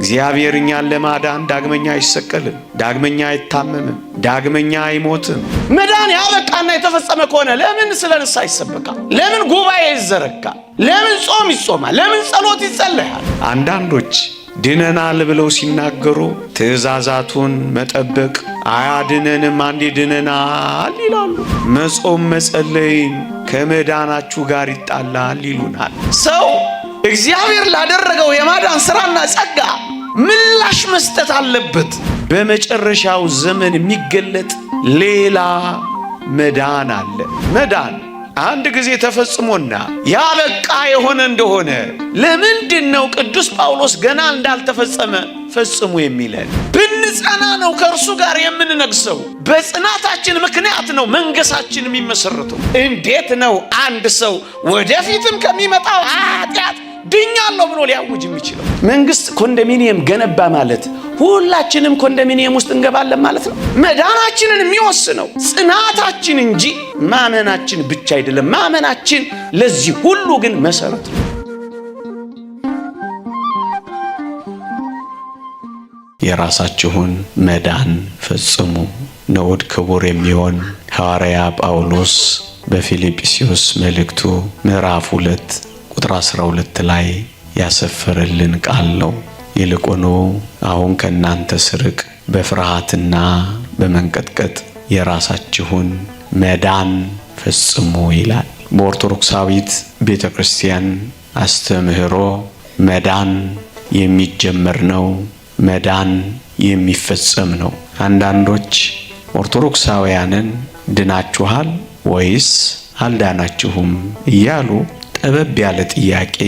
እግዚአብሔር እኛን ለማዳን ዳግመኛ አይሰቀልም፣ ዳግመኛ አይታመምም፣ ዳግመኛ አይሞትም። መዳን ያበቃና የተፈጸመ ከሆነ ለምን ስለ ንስሐ ይሰበካል? ለምን ጉባኤ ይዘረጋል? ለምን ጾም ይጾማል? ለምን ጸሎት ይጸለያል? አንዳንዶች ድነናል ብለው ሲናገሩ ትእዛዛቱን መጠበቅ አያድነንም፣ አንዴ ድነናል ይላሉ። መጾም መጸለይም ከመዳናችሁ ጋር ይጣላል ይሉናል ሰው እግዚአብሔር ላደረገው የማዳን ሥራና ጸጋ ምላሽ መስጠት አለበት። በመጨረሻው ዘመን የሚገለጥ ሌላ መዳን አለ። መዳን አንድ ጊዜ ተፈጽሞና ያበቃ የሆነ እንደሆነ ለምንድን ነው ቅዱስ ጳውሎስ ገና እንዳልተፈጸመ ፈጽሙ የሚለን? ብንጸና ነው ከእርሱ ጋር የምንነግሰው። በጽናታችን ምክንያት ነው መንገሳችን የሚመሰርተው። እንዴት ነው አንድ ሰው ወደፊትም ከሚመጣው ኃጢአት ድኛለሁ ብሎ ሊያውጅ የሚችለው መንግስት ኮንዶሚኒየም ገነባ ማለት ሁላችንም ኮንዶሚኒየም ውስጥ እንገባለን ማለት ነው። መዳናችንን የሚወስነው ጽናታችን እንጂ ማመናችን ብቻ አይደለም። ማመናችን ለዚህ ሁሉ ግን መሰረት ነው። የራሳችሁን መዳን ፈጽሙ ንዑድ ክቡር የሚሆን ሐዋርያ ጳውሎስ በፊልጵስዩስ መልእክቱ ምዕራፍ ሁለት ቁጥር 12 ላይ ያሰፈረልን ቃል ነው። ይልቁኑ አሁን ከእናንተ ስርቅ፣ በፍርሃትና በመንቀጥቀጥ የራሳችሁን መዳን ፈጽሙ ይላል። በኦርቶዶክሳዊት ቤተ ክርስቲያን አስተምህሮ መዳን የሚጀመር ነው፣ መዳን የሚፈጸም ነው። አንዳንዶች ኦርቶዶክሳውያንን ድናችኋል ወይስ አልዳናችሁም እያሉ ጠበብ ያለ ጥያቄ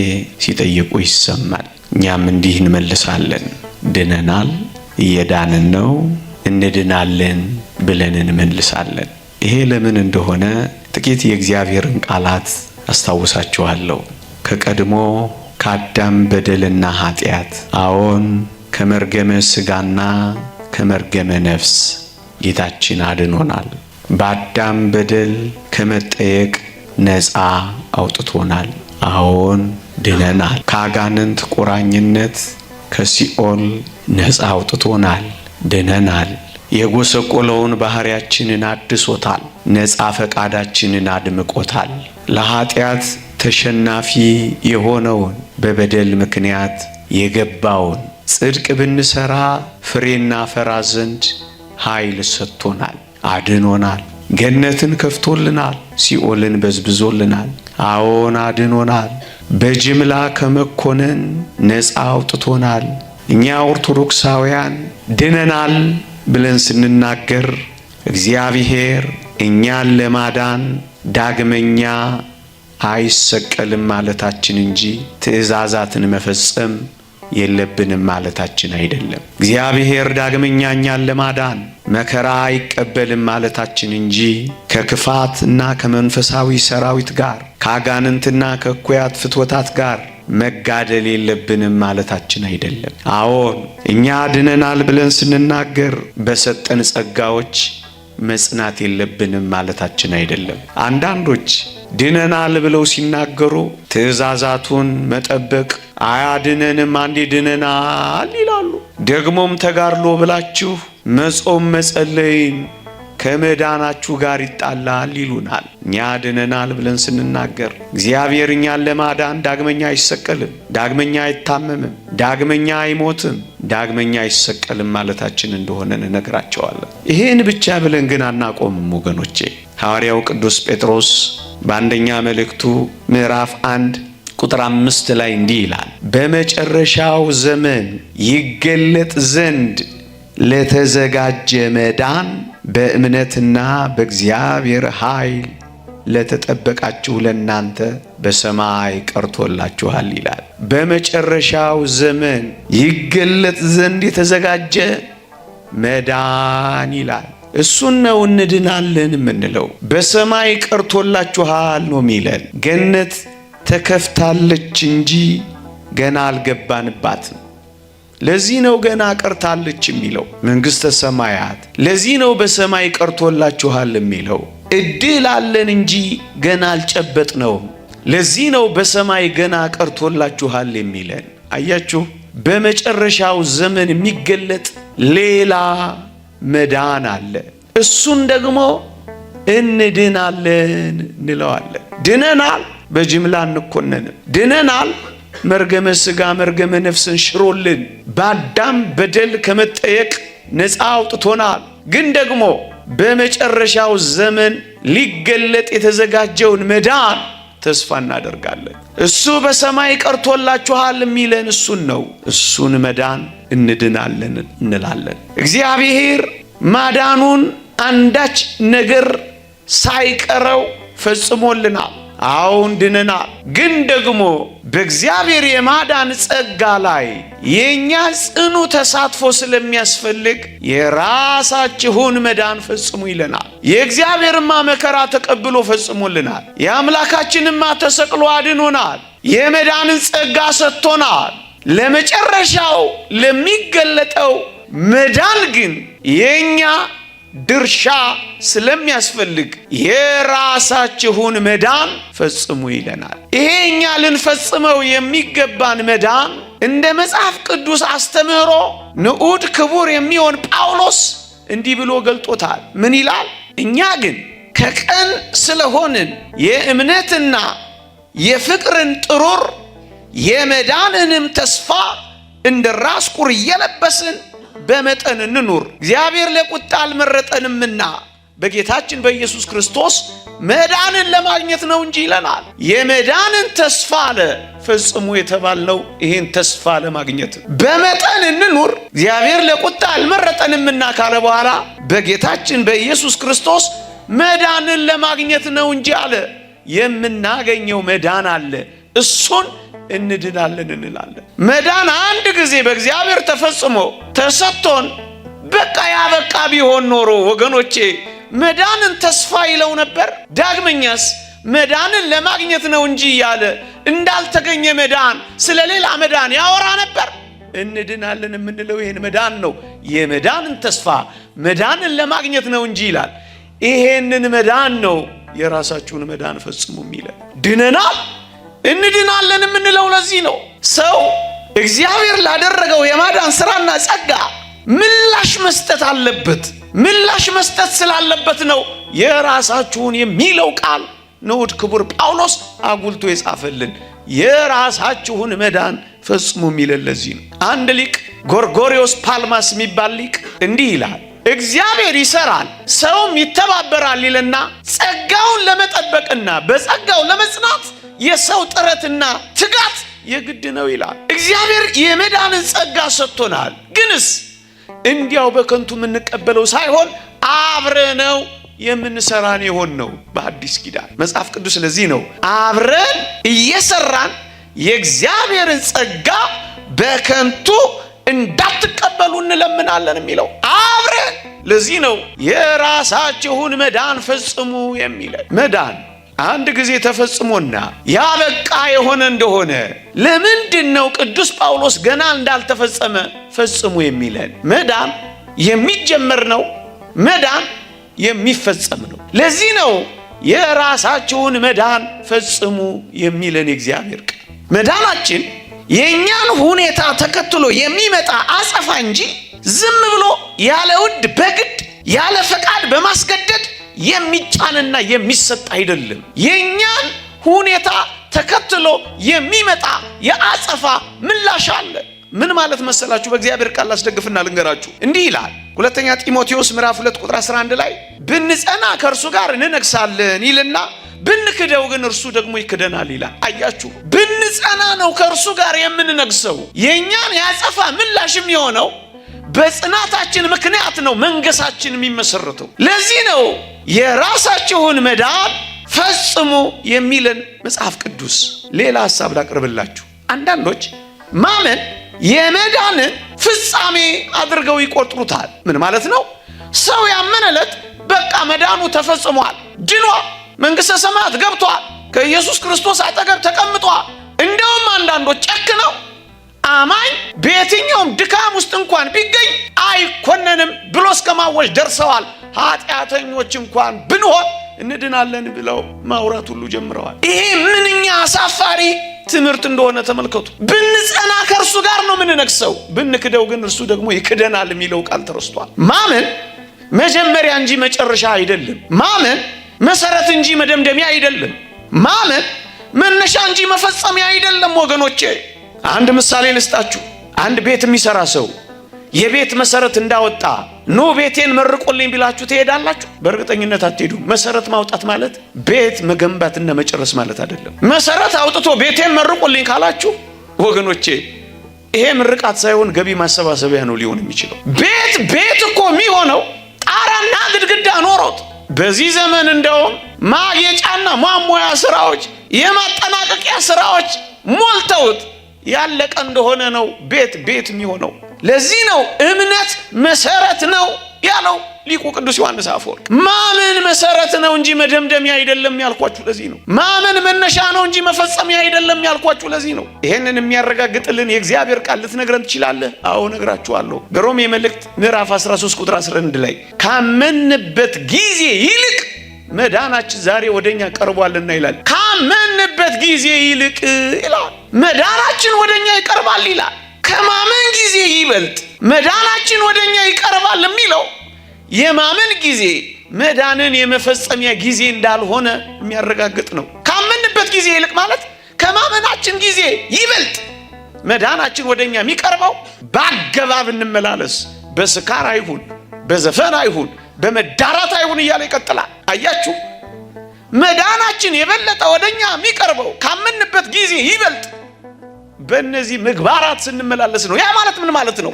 ሲጠይቁ ይሰማል። እኛም እንዲህ እንመልሳለን። ድነናል፣ እየዳንን ነው፣ እንድናለን ብለን እንመልሳለን። ይሄ ለምን እንደሆነ ጥቂት የእግዚአብሔርን ቃላት አስታውሳችኋለሁ። ከቀድሞ ከአዳም በደልና ኃጢአት፣ አዎን ከመርገመ ሥጋና ከመርገመ ነፍስ ጌታችን አድኖናል። በአዳም በደል ከመጠየቅ ነፃ አውጥቶናል። አዎን ድነናል። ከአጋንንት ቁራኝነት ከሲኦል ነፃ አውጥቶናል። ድነናል። የጎሰቆለውን ባህሪያችንን አድሶታል። ነፃ ፈቃዳችንን አድምቆታል። ለኀጢአት ተሸናፊ የሆነውን በበደል ምክንያት የገባውን ጽድቅ ብንሠራ ፍሬና ፈራ ዘንድ ኃይል ሰጥቶናል፣ አድኖናል። ገነትን ከፍቶልናል፣ ሲኦልን በዝብዞልናል። አዎን አድኖናል። በጅምላ ከመኮነን ነፃ አውጥቶናል። እኛ ኦርቶዶክሳውያን ድነናል ብለን ስንናገር እግዚአብሔር እኛን ለማዳን ዳግመኛ አይሰቀልም ማለታችን እንጂ ትእዛዛትን መፈጸም የለብንም ማለታችን አይደለም። እግዚአብሔር ዳግመኛ እኛን ለማዳን መከራ አይቀበልም ማለታችን እንጂ ከክፋት እና ከመንፈሳዊ ሰራዊት ጋር ከአጋንንትና ከእኩያት ፍትወታት ጋር መጋደል የለብንም ማለታችን አይደለም። አዎን እኛ ድነናል ብለን ስንናገር በሰጠን ጸጋዎች መጽናት የለብንም ማለታችን አይደለም። አንዳንዶች ድነናል ብለው ሲናገሩ ትእዛዛቱን መጠበቅ አያድነንም፣ አንዴ ድነናል ይላሉ። ደግሞም ተጋድሎ ብላችሁ መጾም መጸለይን ከመዳናችሁ ጋር ይጣላል ይሉናል። እኛ ድነናል ብለን ስንናገር እግዚአብሔር እኛን ለማዳን ዳግመኛ አይሰቀልም፣ ዳግመኛ አይታመምም፣ ዳግመኛ አይሞትም፣ ዳግመኛ አይሰቀልም ማለታችን እንደሆነ እነግራቸዋለን። ይህን ብቻ ብለን ግን አናቆምም ወገኖቼ። ሐዋርያው ቅዱስ ጴጥሮስ በአንደኛ መልእክቱ ምዕራፍ አንድ ቁጥር አምስት ላይ እንዲህ ይላል፣ በመጨረሻው ዘመን ይገለጥ ዘንድ ለተዘጋጀ መዳን በእምነትና በእግዚአብሔር ኃይል ለተጠበቃችሁ ለእናንተ በሰማይ ቀርቶላችኋል ይላል። በመጨረሻው ዘመን ይገለጥ ዘንድ የተዘጋጀ መዳን ይላል። እሱን ነው እንድናለን የምንለው። በሰማይ ቀርቶላችኋል ነው የሚለን። ገነት ተከፍታለች እንጂ ገና አልገባንባትም። ለዚህ ነው ገና ቀርታለች የሚለው መንግሥተ ሰማያት። ለዚህ ነው በሰማይ ቀርቶላችኋል የሚለው እድል አለን እንጂ ገና አልጨበጥ ነው። ለዚህ ነው በሰማይ ገና ቀርቶላችኋል የሚለን። አያችሁ፣ በመጨረሻው ዘመን የሚገለጥ ሌላ መዳን አለ። እሱን ደግሞ እንድናለን እንለዋለን። ድነናል፣ በጅምላ እንኮነንም። ድነናል መርገመ ሥጋ መርገመ ነፍስን ሽሮልን በአዳም በደል ከመጠየቅ ነፃ አውጥቶናል። ግን ደግሞ በመጨረሻው ዘመን ሊገለጥ የተዘጋጀውን መዳን ተስፋ እናደርጋለን። እሱ በሰማይ ቀርቶላችኋል የሚለን እሱን ነው። እሱን መዳን እንድናለን እንላለን። እግዚአብሔር ማዳኑን አንዳች ነገር ሳይቀረው ፈጽሞልናል። አሁን ድነናል። ግን ደግሞ በእግዚአብሔር የማዳን ጸጋ ላይ የእኛ ጽኑ ተሳትፎ ስለሚያስፈልግ የራሳችሁን መዳን ፈጽሙ ይለናል። የእግዚአብሔርማ መከራ ተቀብሎ ፈጽሞልናል። የአምላካችንማ ተሰቅሎ አድኖናል። የመዳንን ጸጋ ሰጥቶናል። ለመጨረሻው ለሚገለጠው መዳን ግን የእኛ ድርሻ ስለሚያስፈልግ የራሳችሁን መዳን ፈጽሙ ይለናል። ይሄ እኛ ልንፈጽመው የሚገባን መዳን እንደ መጽሐፍ ቅዱስ አስተምህሮ ንዑድ ክቡር የሚሆን ጳውሎስ እንዲህ ብሎ ገልጦታል። ምን ይላል? እኛ ግን ከቀን ስለሆንን የእምነትና የፍቅርን ጥሩር የመዳንንም ተስፋ እንደ ራስ ቁር እየለበስን በመጠን እንኑር። እግዚአብሔር ለቁጣ አልመረጠንምና በጌታችን በኢየሱስ ክርስቶስ መዳንን ለማግኘት ነው እንጂ ይለናል። የመዳንን ተስፋ አለ ፈጽሙ የተባልነው ይህን ተስፋ ለማግኘት በመጠን እንኑር። እግዚአብሔር ለቁጣ አልመረጠንምና ካለ በኋላ በጌታችን በኢየሱስ ክርስቶስ መዳንን ለማግኘት ነው እንጂ አለ። የምናገኘው መዳን አለ እሱን እንድናለን እንላለን። መዳን አንድ ጊዜ በእግዚአብሔር ተፈጽሞ ተሰጥቶን በቃ ያበቃ ቢሆን ኖሮ ወገኖቼ መዳንን ተስፋ ይለው ነበር። ዳግመኛስ መዳንን ለማግኘት ነው እንጂ እያለ እንዳልተገኘ መዳን፣ ስለ ሌላ መዳን ያወራ ነበር። እንድናለን የምንለው ይህን መዳን ነው። የመዳንን ተስፋ መዳንን ለማግኘት ነው እንጂ ይላል። ይሄንን መዳን ነው የራሳችሁን መዳን ፈጽሙ የሚለን ድነናል እንድናለን የምንለው ለዚህ ነው። ሰው እግዚአብሔር ላደረገው የማዳን ስራና ጸጋ ምላሽ መስጠት አለበት። ምላሽ መስጠት ስላለበት ነው የራሳችሁን የሚለው ቃል ንዑድ ክቡር ጳውሎስ አጉልቶ የጻፈልን የራሳችሁን መዳን ፈጽሙ የሚለን ለዚህ ነው። አንድ ሊቅ ጎርጎሪዮስ ፓልማስ የሚባል ሊቅ እንዲህ ይላል፣ እግዚአብሔር ይሰራል ሰውም ይተባበራል ይልና ጸጋውን ለመጠበቅና በጸጋው ለመጽናት የሰው ጥረትና ትጋት የግድ ነው ይላል። እግዚአብሔር የመዳንን ጸጋ ሰጥቶናል። ግንስ እንዲያው በከንቱ የምንቀበለው ሳይሆን አብረ ነው የምንሰራን የሆን ነው። በአዲስ ኪዳን መጽሐፍ ቅዱስ ለዚህ ነው አብረን እየሰራን የእግዚአብሔርን ጸጋ በከንቱ እንዳትቀበሉ እንለምናለን የሚለው አብረን። ለዚህ ነው የራሳችሁን መዳን ፈጽሙ የሚለን መዳን አንድ ጊዜ ተፈጽሞና ያበቃ የሆነ እንደሆነ ለምንድን ነው ቅዱስ ጳውሎስ ገና እንዳልተፈጸመ ፈጽሙ የሚለን? መዳን የሚጀመር ነው። መዳን የሚፈጸም ነው። ለዚህ ነው የራሳችሁን መዳን ፈጽሙ የሚለን የእግዚአብሔር ቃል። መዳናችን የእኛን ሁኔታ ተከትሎ የሚመጣ አጸፋ እንጂ ዝም ብሎ ያለ ውድ በግድ ያለ ፈቃድ በማስገደድ የሚጫንና የሚሰጥ አይደለም። የእኛን ሁኔታ ተከትሎ የሚመጣ የአጸፋ ምላሽ አለ። ምን ማለት መሰላችሁ? በእግዚአብሔር ቃል አስደግፍና ልንገራችሁ። እንዲህ ይላል ሁለተኛ ጢሞቴዎስ ምዕራፍ 2 ቁጥር 11 ላይ ብንጸና ከእርሱ ጋር እንነግሳለን ይልና ብንክደው ግን እርሱ ደግሞ ይክደናል ይላል። አያችሁ፣ ብንጸና ነው ከእርሱ ጋር የምንነግሰው። የእኛን ያጸፋ ምላሽም የሆነው በጽናታችን ምክንያት ነው መንገሳችን የሚመሰረተው። ለዚህ ነው የራሳችሁን መዳን ፈጽሙ የሚለን መጽሐፍ ቅዱስ። ሌላ ሀሳብ ላቅርብላችሁ። አንዳንዶች ማመን የመዳንን ፍጻሜ አድርገው ይቆጥሩታል። ምን ማለት ነው? ሰው ያመነ ዕለት በቃ መዳኑ ተፈጽሟል፣ ድኗ መንግሥተ ሰማያት ገብቷል፣ ከኢየሱስ ክርስቶስ አጠገብ ተቀምጧል። እንደውም አንዳንዶች ጨክ ነው አማኝ በየትኛውም ድካም ውስጥ እንኳን ቢገኝ አይኮነንም ብሎ እስከ ማወጅ ደርሰዋል። ኃጢአተኞች እንኳን ብንሆን እንድናለን ብለው ማውራት ሁሉ ጀምረዋል። ይሄ ምንኛ አሳፋሪ ትምህርት እንደሆነ ተመልከቱ። ብንጸና ከእርሱ ጋር ነው የምንነግሰው፣ ብንክደው ግን እርሱ ደግሞ ይክደናል የሚለው ቃል ተረስቷል። ማመን መጀመሪያ እንጂ መጨረሻ አይደለም። ማመን መሰረት እንጂ መደምደሚያ አይደለም። ማመን መነሻ እንጂ መፈጸሚያ አይደለም ወገኖቼ አንድ ምሳሌ ልስጣችሁ። አንድ ቤት የሚሰራ ሰው የቤት መሰረት እንዳወጣ ኑ ቤቴን መርቆልኝ ቢላችሁ ትሄዳላችሁ? በእርግጠኝነት አትሄዱ መሰረት ማውጣት ማለት ቤት መገንባትና መጨረስ ማለት አይደለም። መሰረት አውጥቶ ቤቴን መርቆልኝ ካላችሁ ወገኖቼ፣ ይሄ ምርቃት ሳይሆን ገቢ ማሰባሰቢያ ነው ሊሆን የሚችለው። ቤት ቤት እኮ የሚሆነው ጣራና ግድግዳ ኖሮት በዚህ ዘመን እንደውም ማጌጫና ማሞያ ስራዎች፣ የማጠናቀቂያ ስራዎች ሞልተውት ያለቀ እንደሆነ ነው ቤት ቤት የሚሆነው። ለዚህ ነው እምነት መሰረት ነው ያለው ሊቁ ቅዱስ ዮሐንስ አፈወርቅ። ማመን መሰረት ነው እንጂ መደምደሚያ አይደለም ያልኳችሁ ለዚህ ነው። ማመን መነሻ ነው እንጂ መፈጸሚያ አይደለም ያልኳችሁ ለዚህ ነው። ይሄንን የሚያረጋግጥልን የእግዚአብሔር ቃል ልትነግረን ትችላለህ? አዎ ነግራችኋለሁ። በሮሜ መልእክት ምዕራፍ 13 ቁጥር 11 ላይ ካመንበት ጊዜ ይልቅ መዳናችን ዛሬ ወደኛ ቀርቧልና ይላል። መንበት ጊዜ ይልቅ ይላል መዳናችን ወደ እኛ ይቀርባል ይላል። ከማመን ጊዜ ይበልጥ መዳናችን ወደ እኛ ይቀርባል የሚለው የማመን ጊዜ መዳንን የመፈጸሚያ ጊዜ እንዳልሆነ የሚያረጋግጥ ነው። ካመንበት ጊዜ ይልቅ ማለት ከማመናችን ጊዜ ይበልጥ መዳናችን ወደ እኛ የሚቀርበው በአገባብ እንመላለስ፣ በስካር አይሁን፣ በዘፈን አይሁን፣ በመዳራት አይሁን እያለ ይቀጥላል። አያችሁ። መዳናችን የበለጠ ወደኛ የሚቀርበው ካመንበት ጊዜ ይበልጥ በእነዚህ ምግባራት ስንመላለስ ነው። ያ ማለት ምን ማለት ነው?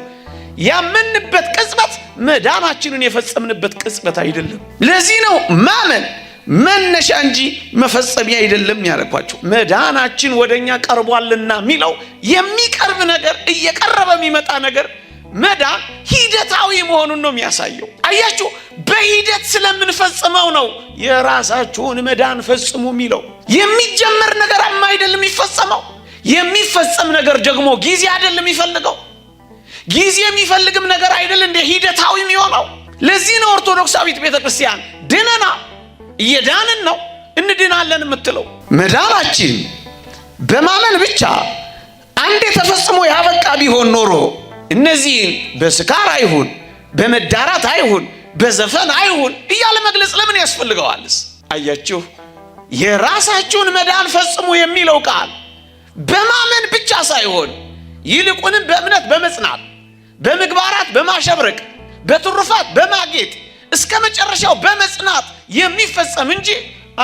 ያመንበት ቅጽበት መዳናችንን የፈጸምንበት ቅጽበት አይደለም። ለዚህ ነው ማመን መነሻ እንጂ መፈጸሚያ አይደለም ያለኳቸው። መዳናችን ወደኛ ቀርቧልና የሚለው የሚቀርብ ነገር እየቀረበ የሚመጣ ነገር መዳን ሂደታዊ መሆኑን ነው የሚያሳየው። አያችሁ፣ በሂደት ስለምንፈጽመው ነው የራሳችሁን መዳን ፈጽሙ የሚለው። የሚጀመር ነገር አይደለም የሚፈጸመው። የሚፈጸም ነገር ደግሞ ጊዜ አይደለም የሚፈልገው። ጊዜ የሚፈልግም ነገር አይደል እንደ ሂደታዊ የሚሆነው። ለዚህ ነው ኦርቶዶክሳዊት ቤተ ክርስቲያን ድነና እየዳንን ነው እንድናለን የምትለው። መዳናችን በማመን ብቻ አንዴ ተፈጽሞ ያበቃ ቢሆን ኖሮ እነዚህን በስካር አይሁን፣ በመዳራት አይሁን፣ በዘፈን አይሁን እያለ መግለጽ ለምን ያስፈልገዋልስ? አያችሁ፣ የራሳችሁን መዳን ፈጽሙ የሚለው ቃል በማመን ብቻ ሳይሆን ይልቁንም በእምነት በመጽናት በምግባራት በማሸብረቅ በትሩፋት በማጌጥ እስከ መጨረሻው በመጽናት የሚፈጸም እንጂ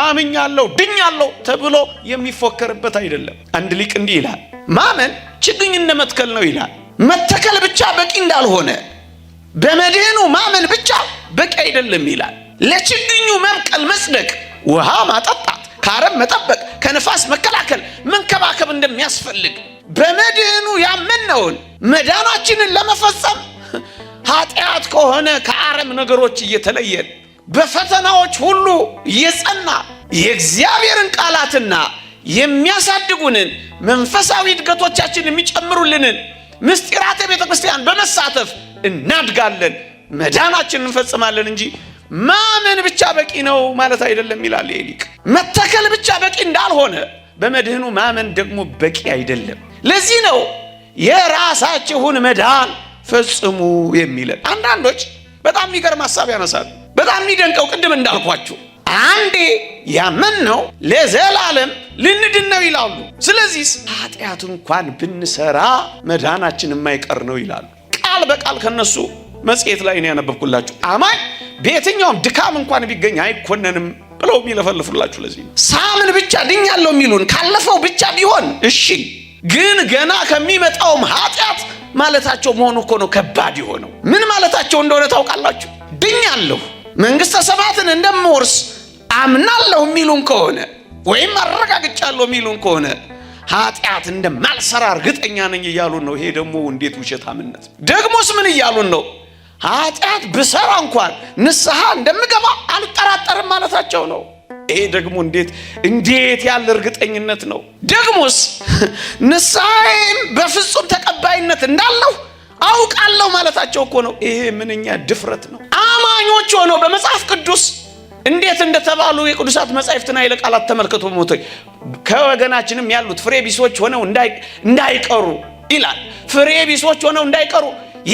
አምኛለሁ ድኛለሁ ተብሎ የሚፎከርበት አይደለም። አንድ ሊቅ እንዲህ ይላል፣ ማመን ችግኝ መትከል ነው ይላል። መተከል ብቻ በቂ እንዳልሆነ በመድህኑ ማመን ብቻ በቂ አይደለም ይላል። ለችግኙ መብቀል መጽደቅ፣ ውሃ ማጠጣት፣ ከአረም መጠበቅ፣ ከንፋስ መከላከል፣ መንከባከብ እንደሚያስፈልግ በመድህኑ ያመነውን መዳናችንን ለመፈጸም ኃጢአት ከሆነ ከአረም ነገሮች እየተለየን በፈተናዎች ሁሉ እየጸና የእግዚአብሔርን ቃላትና የሚያሳድጉንን መንፈሳዊ እድገቶቻችን የሚጨምሩልንን ምስጢራተ ቤተ ክርስቲያን በመሳተፍ እናድጋለን፣ መዳናችን እንፈጽማለን እንጂ ማመን ብቻ በቂ ነው ማለት አይደለም ይላል ሊቅ። መተከል ብቻ በቂ እንዳልሆነ በመድህኑ ማመን ደግሞ በቂ አይደለም። ለዚህ ነው የራሳችሁን መዳን ፈጽሙ የሚለን። አንዳንዶች በጣም የሚገርም ሀሳብ ያነሳሉ። በጣም የሚደንቀው ቅድም እንዳልኳችሁ አንዴ ያመን ነው ለዘላለም ልንድን ነው ይላሉ። ስለዚህ ኃጢአት እንኳን ብንሰራ መዳናችን የማይቀር ነው ይላሉ። ቃል በቃል ከነሱ መጽሔት ላይ ነው ያነበብኩላችሁ። አማኝ በየትኛውም ድካም እንኳን ቢገኝ አይኮነንም ብለው የሚለፈልፉላችሁ ለዚህ ነው። ሳምን ብቻ ድኛለሁ የሚሉን ካለፈው ብቻ ቢሆን እሺ፣ ግን ገና ከሚመጣውም ኃጢአት ማለታቸው መሆኑ እኮ ነው ከባድ የሆነው። ምን ማለታቸው እንደሆነ ታውቃላችሁ? ድኛለሁ መንግሥተ ሰባትን እንደምወርስ አምናለሁ የሚሉን ከሆነ ወይም አረጋግጫለሁ የሚሉን ከሆነ ኃጢአት እንደማልሰራ እርግጠኛ ነኝ እያሉን ነው። ይሄ ደግሞ እንዴት ውሸታምነት! ደግሞስ ምን እያሉን ነው? ኃጢአት ብሰራ እንኳን ንስሐ እንደምገባ አልጠራጠርም ማለታቸው ነው። ይሄ ደግሞ እንዴት እንዴት ያለ እርግጠኝነት ነው! ደግሞስ ንስሐዬም በፍጹም ተቀባይነት እንዳለው አውቃለሁ ማለታቸው እኮ ነው። ይሄ ምንኛ ድፍረት ነው! አማኞች ሆነው በመጽሐፍ ቅዱስ እንዴት እንደተባሉ የቅዱሳት መጻሕፍትና ይለ ቃላት ተመልከቱ። ከወገናችንም ያሉት ፍሬ ቢሶች ሆነው እንዳይቀሩ ይላል። ፍሬ ቢሶች ሆነው እንዳይቀሩ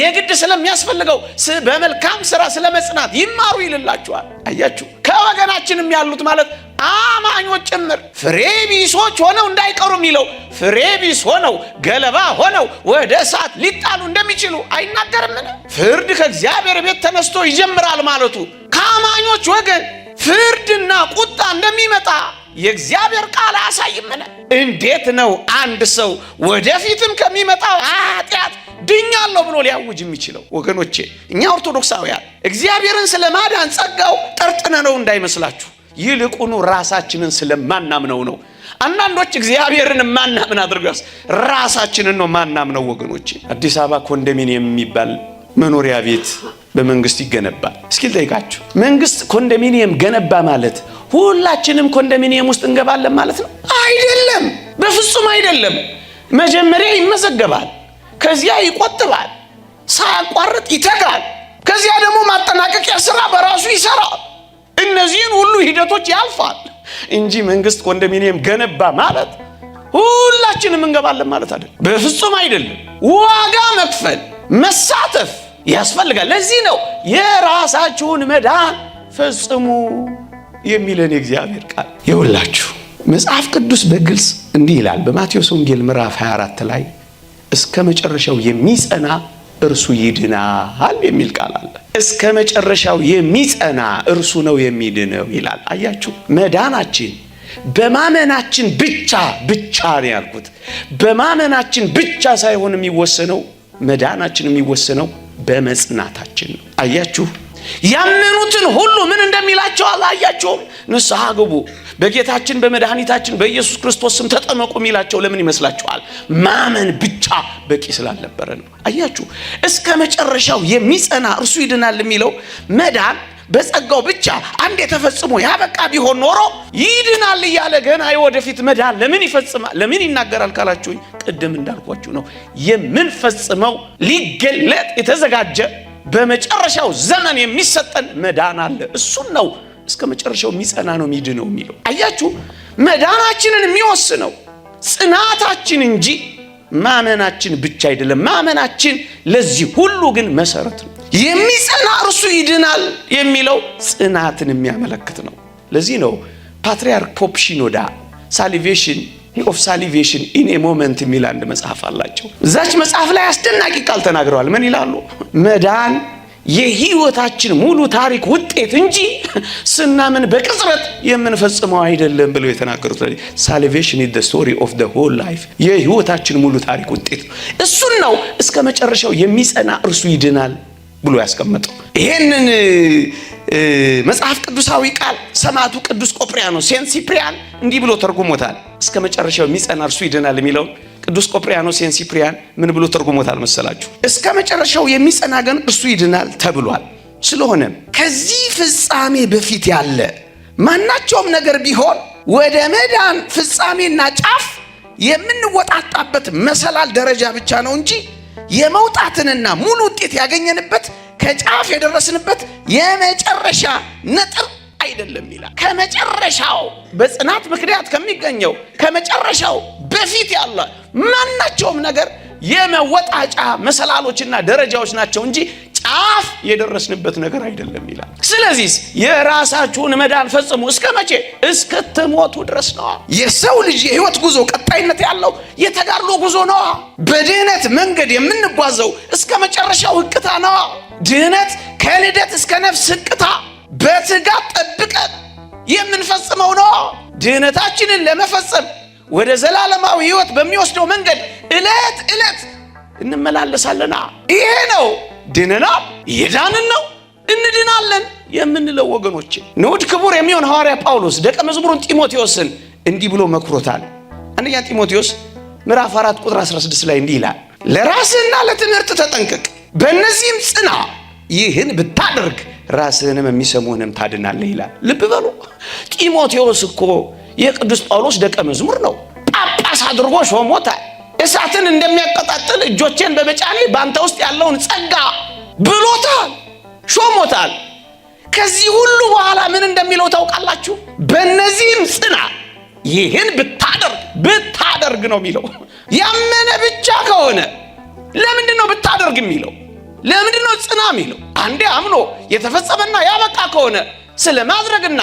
የግድ ስለሚያስፈልገው በመልካም ስራ ስለመጽናት ይማሩ ይልላችኋል። አያችሁ፣ ከወገናችንም ያሉት ማለት አማኞች ጭምር ፍሬ ቢሶች ሆነው እንዳይቀሩ የሚለው ፍሬ ቢስ ሆነው ገለባ ሆነው ወደ እሳት ሊጣሉ እንደሚችሉ አይናገርምን? ፍርድ ከእግዚአብሔር ቤት ተነስቶ ይጀምራል ማለቱ ከአማኞች ወገን ፍርድና ቁጣ እንደሚመጣ የእግዚአብሔር ቃል አያሳይምን? እንዴት ነው አንድ ሰው ወደፊትም ከሚመጣው ኃጢአት ድኛለሁ ብሎ ሊያውጅ የሚችለው? ወገኖቼ እኛ ኦርቶዶክሳውያን እግዚአብሔርን ስለ ማዳን ጸጋው ጠርጥነ ነው እንዳይመስላችሁ ይልቁኑ ራሳችንን ስለማናምነው ነው። አንዳንዶች እግዚአብሔርን ማናምን አድርገው ራሳችንን ነው ማናምነው። ወገኖች አዲስ አበባ ኮንዶሚኒየም የሚባል መኖሪያ ቤት በመንግስት ይገነባል። እስኪ ልጠይቃችሁ፣ መንግስት ኮንዶሚኒየም ገነባ ማለት ሁላችንም ኮንዶሚኒየም ውስጥ እንገባለን ማለት ነው? አይደለም፣ በፍጹም አይደለም። መጀመሪያ ይመዘገባል፣ ከዚያ ይቆጥባል፣ ሳያቋርጥ ይተጋል፣ ከዚያ ደግሞ ማጠናቀቂያ ስራ በራሱ ይሰራል። እነዚህን ሁሉ ሂደቶች ያልፋል እንጂ መንግስት ኮንዶሚኒየም ገነባ ማለት ሁላችንም እንገባለን ማለት አይደለም። በፍጹም አይደለም። ዋጋ መክፈል፣ መሳተፍ ያስፈልጋል። ለዚህ ነው የራሳችሁን መዳን ፈጽሙ የሚለን የእግዚአብሔር ቃል የሁላችሁ መጽሐፍ ቅዱስ በግልጽ እንዲህ ይላል። በማቴዎስ ወንጌል ምዕራፍ 24 ላይ እስከ መጨረሻው የሚጸና እርሱ ይድናል የሚል ቃል አለ። እስከ መጨረሻው የሚጸና እርሱ ነው የሚድነው ይላል። አያችሁ መዳናችን በማመናችን ብቻ ብቻ ነው ያልኩት። በማመናችን ብቻ ሳይሆን የሚወሰነው መዳናችን የሚወሰነው በመጽናታችን ነው። አያችሁ ያመኑትን ሁሉ ምን እንደሚላቸው አላያቸውም። ንስሐ ግቡ፣ በጌታችን በመድኃኒታችን በኢየሱስ ክርስቶስ ስም ተጠመቁ የሚላቸው ለምን ይመስላችኋል? ማመን ብቻ በቂ ስላልነበረ ነው። አያችሁ፣ እስከ መጨረሻው የሚጸና እርሱ ይድናል የሚለው መዳን በጸጋው ብቻ አንድ የተፈጽሞ ያበቃ ቢሆን ኖሮ ይድናል እያለ ገና የወደፊት መዳን ለምን ይፈጽማል ለምን ይናገራል ካላችሁኝ፣ ቅድም እንዳልኳችሁ ነው የምንፈጽመው ሊገለጥ የተዘጋጀ በመጨረሻው ዘመን የሚሰጠን መዳን አለ። እሱን ነው እስከ መጨረሻው የሚጸና ነው ሚድ ነው የሚለው አያችሁ። መዳናችንን የሚወስነው ጽናታችን እንጂ ማመናችን ብቻ አይደለም። ማመናችን ለዚህ ሁሉ ግን መሰረት ነው። የሚጸና እርሱ ይድናል የሚለው ጽናትን የሚያመለክት ነው። ለዚህ ነው ፓትርያርክ ፖፕ ሺኖዳ ሳሊቬሽን ኦፍ ሳሊቬሽን ኢን ኤ ሞመንት የሚል አንድ መጽሐፍ አላቸው። እዛች መጽሐፍ ላይ አስደናቂ ቃል ተናግረዋል። ምን ይላሉ? መዳን የህይወታችን ሙሉ ታሪክ ውጤት እንጂ ስናምን በቅጽበት የምንፈጽመው አይደለም ብለው የተናገሩት ሳልቬሽን ኢዝ ዘ ስቶሪ ኦፍ ዘ ሆል ላይፍ የህይወታችን ሙሉ ታሪክ ውጤት ነው። እሱን ነው እስከ መጨረሻው የሚጸና እርሱ ይድናል ብሎ ያስቀመጠው። ይሄንን መጽሐፍ ቅዱሳዊ ቃል ሰማዕቱ ቅዱስ ቆጵሪያኖስ ሴንት ሲፕሪያን እንዲህ ብሎ ተርጉሞታል። እስከ መጨረሻው የሚጸና እርሱ ይድናል የሚለውን ቅዱስ ቆጵሪያኖስ ሴንት ሲፕሪያን ምን ብሎ ተርጉሞታል መሰላችሁ? እስከ መጨረሻው የሚጸና ግን እርሱ ይድናል ተብሏል። ስለሆነም ከዚህ ፍጻሜ በፊት ያለ ማናቸውም ነገር ቢሆን ወደ መዳን ፍጻሜና ጫፍ የምንወጣጣበት መሰላል ደረጃ ብቻ ነው እንጂ የመውጣትንና ሙሉ ውጤት ያገኘንበት ከጫፍ የደረስንበት የመጨረሻ ነጥብ አይደለም ይላል። ከመጨረሻው በጽናት ምክንያት ከሚገኘው ከመጨረሻው በፊት ያለ ማናቸውም ነገር የመወጣጫ መሰላሎችና ደረጃዎች ናቸው እንጂ ጫፍ የደረስንበት ነገር አይደለም ይላል። ስለዚህ የራሳችሁን መዳን ፈጽሙ። እስከ መቼ? እስክትሞቱ ድረስ ነዋ። የሰው ልጅ የህይወት ጉዞ ቀጣይነት ያለው የተጋድሎ ጉዞ ነዋ። በድህነት መንገድ የምንጓዘው እስከ መጨረሻው ህቅታ ነዋ። ድህነት ከልደት እስከ ነፍስ ህቅታ በትጋት ጠብቀን የምንፈጽመው ነው። ድህነታችንን ለመፈጸም ወደ ዘላለማዊ ህይወት በሚወስደው መንገድ ዕለት ዕለት እንመላለሳለና ይሄ ነው ድነናል፣ የዳንን ነው፣ እንድናለን የምንለው ወገኖች ንዑድ ክቡር የሚሆን ሐዋርያ ጳውሎስ ደቀ መዝሙሩን ጢሞቴዎስን እንዲህ ብሎ መክሮታል። አንደኛ ጢሞቴዎስ ምዕራፍ 4 ቁጥር 16 ላይ እንዲህ ይላል፣ ለራስህና ለትምህርት ተጠንቀቅ፣ በእነዚህም ጽና፣ ይህን ብታደርግ ራስህንም የሚሰሙህንም ታድናለህ ይላል። ልብ በሉ ጢሞቴዎስ እኮ የቅዱስ ጳውሎስ ደቀ መዝሙር ነው። ጳጳስ አድርጎ ሾሞታል። እሳትን እንደሚያቀጣጥል እጆቼን በመጫኔ በአንተ ውስጥ ያለውን ጸጋ ብሎታል፣ ሾሞታል። ከዚህ ሁሉ በኋላ ምን እንደሚለው ታውቃላችሁ? በእነዚህም ጽና፣ ይህን ብታደርግ ብታደርግ ነው የሚለው። ያመነ ብቻ ከሆነ ለምንድን ነው ብታደርግ የሚለው? ለምንድን ነው ጽና የሚለው? አንዴ አምኖ የተፈጸመና ያበቃ ከሆነ ስለ ማድረግና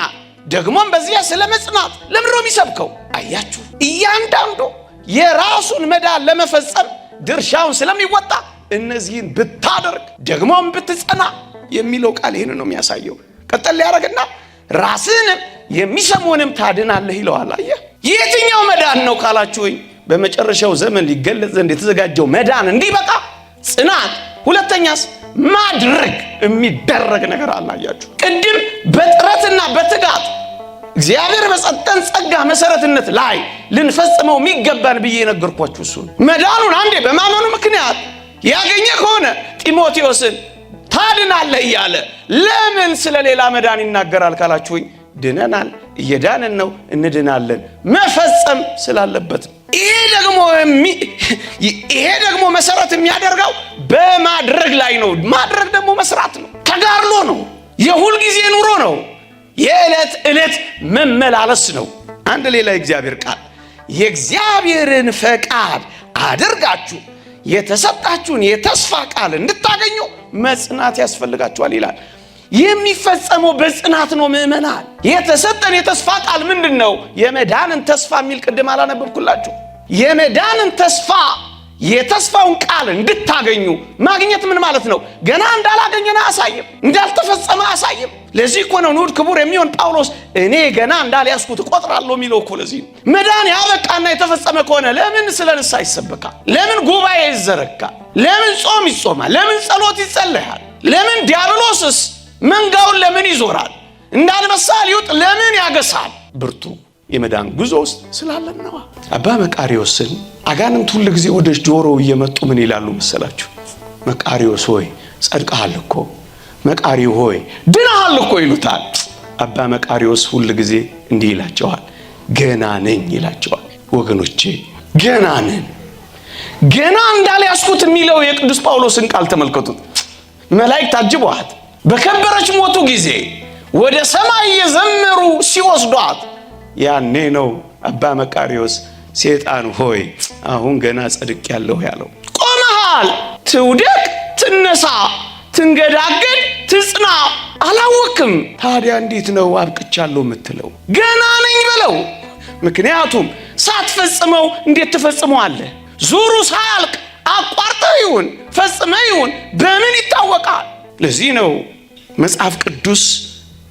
ደግሞም በዚያ ስለ መጽናት ለምንድን ነው የሚሰብከው? አያችሁ እያንዳንዱ የራሱን መዳን ለመፈጸም ድርሻውን ስለሚወጣ እነዚህን ብታደርግ ደግሞም ብትጸና የሚለው ቃል ይህን ነው የሚያሳየው። ቀጠል ሊያደርግና ራስህንም የሚሰሙንም ታድናለህ ይለዋል። አየህ፣ የትኛው መዳን ነው ካላችሁኝ በመጨረሻው ዘመን ሊገለጽ ዘንድ የተዘጋጀው መዳን እንዲበቃ ጽናት፣ ሁለተኛስ ማድረግ የሚደረግ ነገር አላያችሁ። ቅድም በጥረትና በትጋት እግዚአብሔር በሰጠን ጸጋ መሰረትነት ላይ ልንፈጽመው የሚገባን ብዬ የነገርኳችሁ እሱ መዳኑን አንዴ በማመኑ ምክንያት ያገኘ ከሆነ ጢሞቴዎስን ታድናለ እያለ ለምን ስለ ሌላ መዳን ይናገራል ካላችሁኝ፣ ድነናል፣ እየዳንን ነው፣ እንድናለን። መፈጸም ስላለበት ይሄ ደግሞ ይሄ ደግሞ መሰረት የሚያደርገው በማድረግ ላይ ነው። ማድረግ ደግሞ መስራት ነው፣ ተጋርሎ ነው፣ የሁልጊዜ ኑሮ ነው። የዕለት ዕለት መመላለስ ነው። አንድ ሌላ የእግዚአብሔር ቃል የእግዚአብሔርን ፈቃድ አድርጋችሁ የተሰጣችሁን የተስፋ ቃል እንድታገኙ መጽናት ያስፈልጋችኋል ይላል። የሚፈጸመው በጽናት ነው። ምእመናን የተሰጠን የተስፋ ቃል ምንድን ነው? የመዳንን ተስፋ የሚል ቅድም አላነበብኩላችሁ? የመዳንን ተስፋ የተስፋውን ቃል እንድታገኙ ማግኘት ምን ማለት ነው? ገና እንዳላገኘን አያሳይም፣ እንዳልተፈጸመ አያሳይም። ለዚህ እኮ ነው ንዑድ ክቡር የሚሆን ጳውሎስ እኔ ገና እንዳልያዝኩት እቆጥራለሁ የሚለው እኮ ለዚህ ነው። መዳን ያበቃና የተፈጸመ ከሆነ ለምን ስለ ንስሐ ይሰበካል? ለምን ጉባኤ ይዘረጋል? ለምን ጾም ይጾማል? ለምን ጸሎት ይጸለያል? ለምን ዲያብሎስስ መንጋውን ለምን ይዞራል? እንዳልመሳ ሊውጥ ለምን ያገሳል? ብርቱ የመዳን ጉዞ ውስጥ ስላለን ነዋ። አባ መቃሪዎስን አጋንንት ሁል ጊዜ ወደ ጆሮው እየመጡ ምን ይላሉ መሰላችሁ? መቃሪዎስ ሆይ ጸድቀሃል እኮ፣ መቃሪ ሆይ ድናሃል እኮ ይሉታል። አባ መቃሪዎስ ሁል ጊዜ እንዲህ ይላቸዋል፣ ገና ነኝ ይላቸዋል። ወገኖቼ ገና ነን። ገና እንዳልያዝኩት የሚለው የቅዱስ ጳውሎስን ቃል ተመልከቱት። መላእክት አጅበዋት በከበረች ሞቱ ጊዜ ወደ ሰማይ እየዘመሩ ሲወስዷት ያኔ ነው አባ መቃሪዎስ ሴጣን ሆይ አሁን ገና ጸድቅ ያለሁ ያለው ቆመሃል። ትውደቅ፣ ትነሳ፣ ትንገዳገድ፣ ትጽና አላወቅም። ታዲያ እንዴት ነው አብቅቻለሁ የምትለው? ገና ነኝ በለው። ምክንያቱም ሳትፈጽመው እንዴት ትፈጽመዋለህ? ዙሩ ሳያልቅ አቋርጠህ ይሁን ፈጽመህ ይሁን በምን ይታወቃል? ለዚህ ነው መጽሐፍ ቅዱስ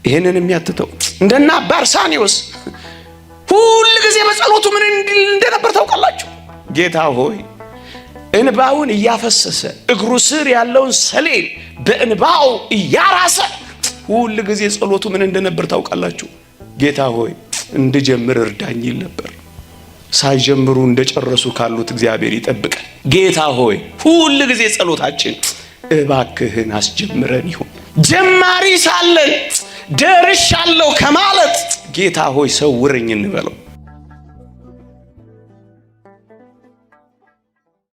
ይህንን የሚያትተው እንደና ባርሳኔዎስ ሁል ጊዜ በጸሎቱ ምን እንደነበር ታውቃላችሁ? ጌታ ሆይ እንባውን እያፈሰሰ እግሩ ስር ያለውን ሰሌል በእንባው እያራሰ ሁል ጊዜ ጸሎቱ ምን እንደነበር ታውቃላችሁ? ጌታ ሆይ እንድጀምር እርዳኝ ይል ነበር። ሳይጀምሩ እንደጨረሱ ካሉት እግዚአብሔር ይጠብቀ። ጌታ ሆይ ሁል ጊዜ ጸሎታችን እባክህን አስጀምረን ይሁን ጀማሪ ሳለን ደርሻለሁ ከማለት ጌታ ሆይ ሰውርኝ እንበለው።